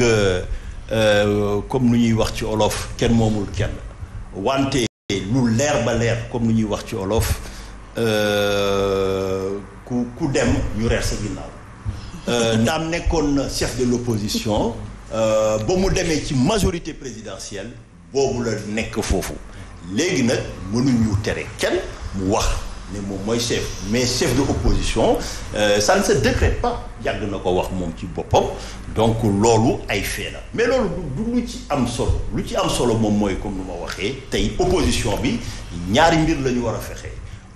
que euh, comme nu ñuy wax ci olof kenn moomul kenn wante lu leer ba leer comme nu ñuy wax ci olof euh, ku ku dem ñu reer sa ginnaaw euh, ndaam nekkoon chef de l'opposition ba mu demee ci majorité présidentielle boobu la nekk foofu léegi nag mënuñu tere kenn mu wax ne moom mooy chef mais chef de opposition euh, ça ne se décrète pas yàgg na ko wax moom ci boppam donc loolu ay fait la mais loolu du lu ci am solo lu ci am solo moom mooy comme nu ma waxee tey opposition bi ñaari mbir la ñu war a fexe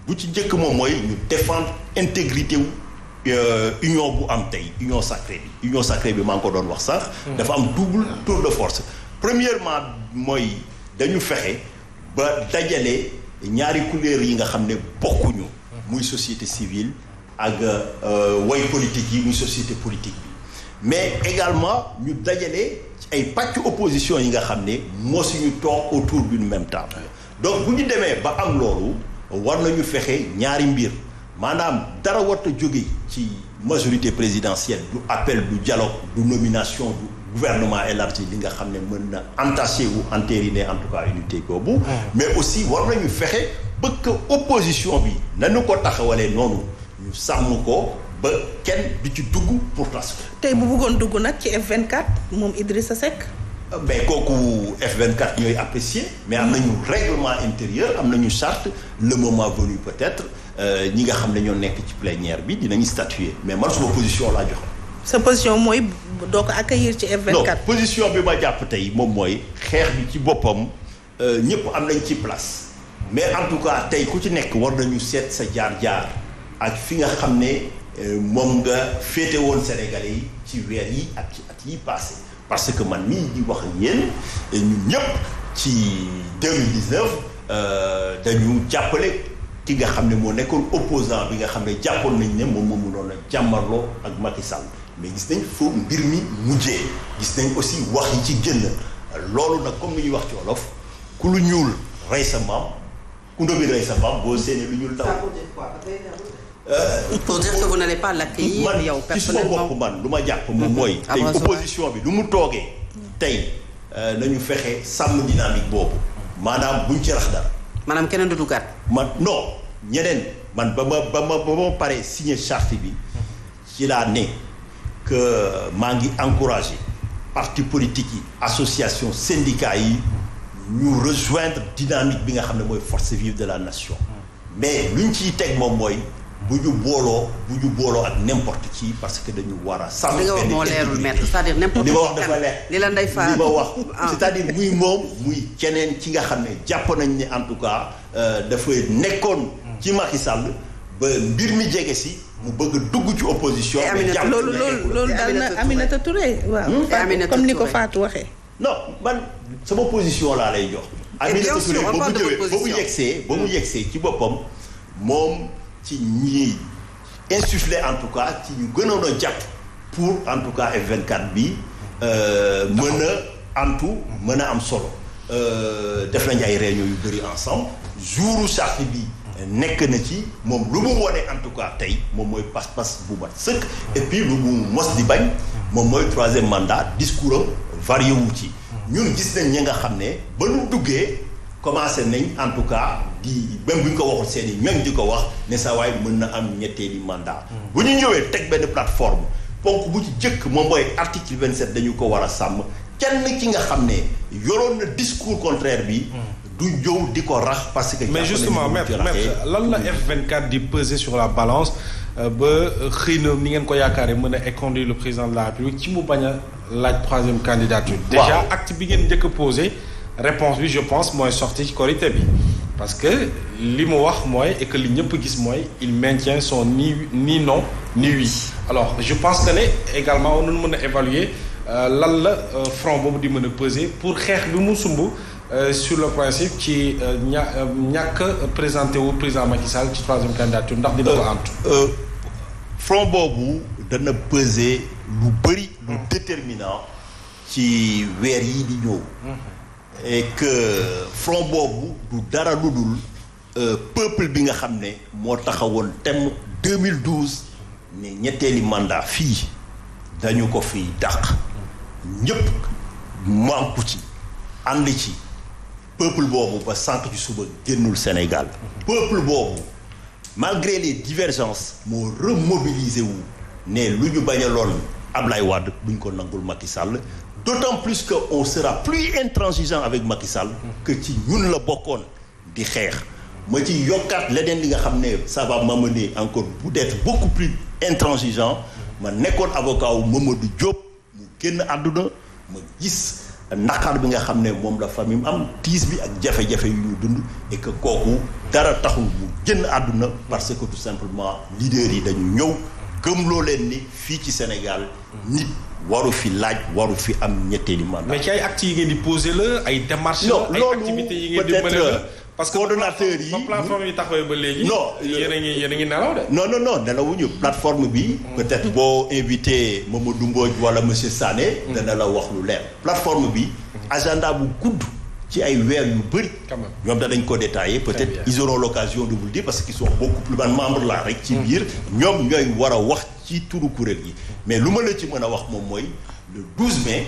bu ci njëkk moom mooy ñu défendre intégrité wu euh, union bu am tey union sacrée bi union sacrée bi maa ngi ko doon wax sax hmm. dafa am double tour de force premièrement mooy dañu fexe ba dajale ñaari couleur yi nga xam ne bokkuñu. muy société civile ak euh, way politique yi muy société politique bi mais également ñu dajale ay pàcc opposition yi nga xam ne moo suñu toog autour d'une même table donc bu ñu demee ba am loolu war na ñu fexe ñaari mbir maanaam dara warta jóge ci majorité présidentielle du appel du dialogue du nomination gouvernement élargi li nga xam ne mën na entaché ou entériné en tout cas unité boobu. mais aussi war ñu fexe bëgg opposition bi nañu ko taxawalee noonu ñu sàmm ko ba kenn du ci dugg pour tas tey bu bëggoon dugg nag ci F24 moom Idrissa Seck. mais kooku F24 ñooy apprécier mais am nañu règlement intérieur am na nañu charte le moment venu peut-être euh, ñi nga xam ne ñoo nekk ci plénière bi dinañu statuer mais man suma position laa joxe. sa position mooy doo ko accueillir ci F24. non position bi ma jàpp tey moom mooy xeex bi ci boppam euh, ñëpp am nañ ci place. mais en tout cas tey ku ci nekk war nañu seet sa jaar-jaar ak fi nga xam ne euh, moom nga féete woon Sénégalais yi ci weer yi ak ci at yi passé parce que man mii di wax yéen ñu ñëpp ci 2019 euh, dañu jàppale ki nga xam ne moo nekkoon opposant bi nga xam ne jàppoon nañ ne moom moo mënoon a jàmmarloo ak Macky Sall mais gis nañ foofu mbir mi mujjee gis nañ aussi wax yi ci génn loolu nag comme li ñuy wax ci olof ku lu ñuul rey sa maam ku ndomi rey sa maam boo ñuul daw. pour euh, dire yow personnellement man ci lu ma jàpp moom mhm. mooy. Ah, tey opposition bi lu mu toogee. tey euh, nañu fexe sàmm dynamique boobu. maanaam buñ ci rax dara. maanaam keneen du duggaat. man non ñeneen man ba ma ba ma ba ma paree signé charte bi ci laa ne. que maa ngi encouragé parti politique yi association syndicats yi ñu rejoindre dynamique bi nga xam ne mooy force vive de la nation mais luñ ciy teg moom mooy bu ñu booloo bu ñu booloo ak n'importe qui parce que dañu war a sàmm li nga wax moo leerul maître c'est-à-dire n'importe ma wax dafa leer li la nday fa li ma wax ah. c'est-à-dire muy moom muy keneen ci nga xam ne jàpp nañ ne en tout cas euh, dafay nekkoon ci Macky Sall ba mbir mi jege si mu bëgg dugg ci opposition. mais jàpp loolu loolu loolu dal na Aminata Touré waaw hmm? comme ni ko Fatou waxee. no man sama position laa lay jox. Aminata Touré ba mu jëwee ba mu yegsee ba mu hmm. yegsee ci boppam moom ci ñi insufflé en tout cas ci ñu gënoon a jàpp pour en tout cas F24 bi euh, mën a antu mën a am solo euh, def nañ ay réunion yu bëri ensemble jouru charte bi. nekk na ci moom lu mu wone en tout cas tey moom mooy pas-pas bu mat sëkk. et puis lu mu mos di bañ. moom mooy troisième mandat discours am varié wu ci. ñun gis nañ ñi nga xam ne ba nu duggee commencé nañ en tout cas di même bu ñu ko waxul seen i ñoñ di ko wax ne sa waay mën na am ñetteeli mandat. bu ñu ñëwee teg benn plateforme ponk bu ci jëkk moom mooy article 27 dañu ko war a sàmm kenn ki nga xam ne yoroon na discours contraire bi. du ñëw di ko rax parce que. mais justement maître maître lan la mm-hmm. f di peser sur la balance euh, ba xëy na ni ngeen ko yaakaaree mën a éconduire le président de la République ci mu bañ a laaj troisième candidature. déjà acte bi ngeen njëkk a posé réponse bi je pense mooy sorti ci Korité bi. parce que li mu wax mooy et que li ñëpp gis mooy il maintient son ni ni non ni oui alors je pense que ne également war nañu mën a évaluer euh, lan la euh, front boobu di mën a peser pour xeex bi mu sumb. Euh, sur le principe ci euh, ña euh, ñàkk présenté wu président Macky Sall ci troisième candidature ndax di ko antu front boobu dana peser lu bëri lu hmm. déterminant ci weer yi di ñëw hmm. et que boobu du dara lu dul peuple bi nga xam ne moo taxawoon temm 2012 ne ñetteeli mandat fii dañu ko fiy dàq hmm. ñépp manku ci ànd ci peuple boobu ba sànq ci suba génnul Sénégal. peuple boobu malgré les divergences moo remobilisé wu ne lu ñu bañaloon Ablaye Wade duñ ko nangul Macky Sall d'autant plus que on sera plus intransigeant avec Macky Sall. que ci ñun la bokkoon di xeex. ma ci yokkaat leneen li nga xam ne ça va m'amener encore peut-être beaucoup plus intransigeant ma nekkoon avocat wu Mamadou Diop mu génn àdduna ma gis. naqar bi nga xam ne moom la famille am tiis bi ak jafe-jafe yu ñu dund et kooku dara taxul bu génn àdduna parce que tout simplement leaders yi dañu ñëw gëmloo leen ni fii ci Sénégal nit waru fi laaj waru fi am ñetteeli mandat mais ci ay actes yi di posé la ay démarches. ay activités yi ngeen di mën a parce que coordonnateur yi plateforme yi taxawee ba léegi. non a ngi yéen a ngi nelaw de. non non non nelawuñu plateforme bi. Mm. peut-être boo invité Mamadou Mbodj wala monsieur Sané. Mm. dana la wax lu leer. plateforme bi mm. agenda bu gudd ci ay weer yu bëri. ñoom dañ ko détaillé peut-être ils auront l'occasion de vous parce que sont beaucoup plus man membre laa rek. ci biir ñoom ñooy war a wax ci turu kuréel yi. mais lu ma la ci mën a wax moom mooy le 12 mai.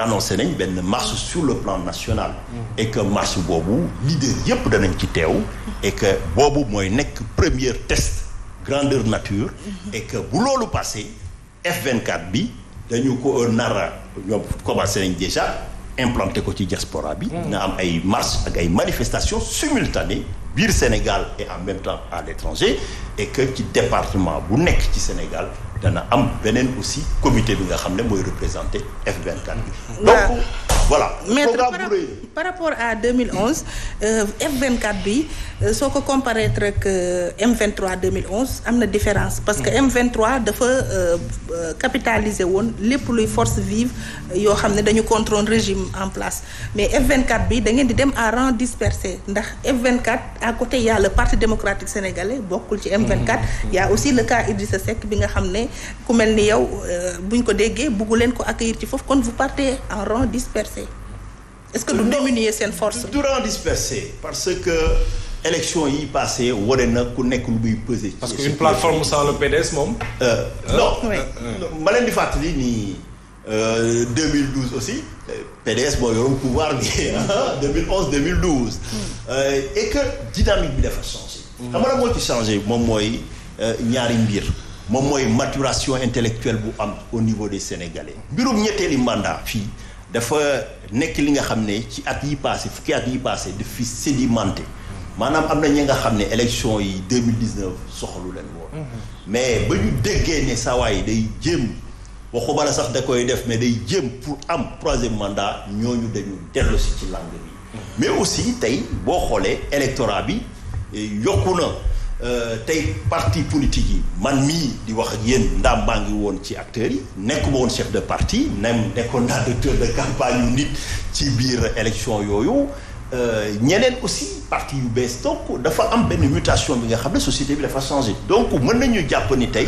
annoncé nañ benn marche sur le plan national. et que marche boobu leader yépp danañ ci teew. et que boobu mooy nekk premier test grandeur nature. et que bu loolu passé F24 bi dañu ko nara ñoom commencé nañ déjà implanté ko ci diaspora bi. nga am ay marche ak ay manifestations simultanées biir Sénégal et en même temps à l'étranger et que ci département bu nekk ci Sénégal. dana am beneen aussi comité bi nga xam ne mooy représenté F24 bi donc voilà. programme bu par rapport à 2011 euh, F24 bi euh, soo ko comparé rek M23 2011 am na différence. parce que M23 hmm. dafa euh, capitaliser woon lépp luy force vive yoo xam ne dañu contrôle régime en place mais F24 bi da ngeen di dem à rang dispersé ndax F24 à côté y a le parti démocratique bokkul ci M24. Hmm. Hmm. y aussi le cas Idrissa Seck bi nga xam ne ku mel ni yow buñ ko déggee buggu leen ko accueillir ci foofu kon vous partez en rang dispersé. est-ce que du diminuer seen force. du rend dispersé parce que élection yi passé wane na ku nekk lu muy pesé. parce que une plateforme sans le PDS moom. Euh, euh, non euh, ma di fàttali nii 2012 aussi PDS boo yoroon pouvoir bi 2011 2012. Hmm. et que dynamique bi dafa changé. Hmm. xam moo ci changé moom mooy ñaari mbir. moom mooy maturation intellectuelle bu am au niveau des Sénégalais. mbirum ñetteeli mandat fii. dafa nekk li nga xam ne ci at yi passé fukki at yi passé daf fi sédimenté maanaam am na ñi nga xam ne élection yi 2019 soxlu leen woon mhm. mais ba ñu déggee ne sawaay day jëm waxu bala sax da koy def mais day jëm pour am troisième mandat ñooñu dañu dellu si ci langue bi mhm. mais aussi tey boo xoolee électorat bi eh, yokku na Euh, tey parti politique yi man mii di wax ak yéen ndaam maa ngi woon ci acteurs yi nekkuma woon chef de parti même nekkoon naa directeur de campagne yu nit ci biir élection yooyu euh, ñeneen aussi parti yu bees donc dafa am benn mutation bi nga xam ne société bi dafa changé donc mën nañu jàpp ni tey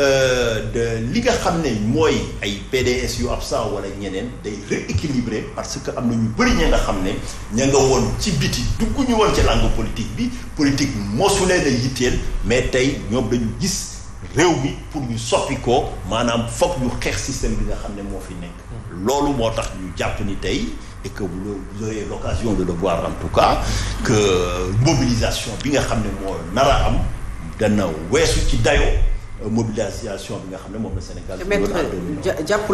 Euh, de li nga xam ne mooy ay PDS yu absent wala ñeneen day rééquilibrer parce que am na ñu bëri ñu nga xam ne ñu nga woon ci biti dugg ñu woon ci langue politique bi politique mosu leen a yitteel mais tey ñoom dañu gis réew mi pour ñu soppikoo maanaam foog ñu xeex système bi nga xam ne moo fi nekk. loolu moo tax ñu jàpp ni tey. et que vous aurez l'occasion de le en tout cas que mobilisation bi nga xam ne moo nar am dana weesu ci dayoo. mobilisation bi nga xam ne moom la Sénégal.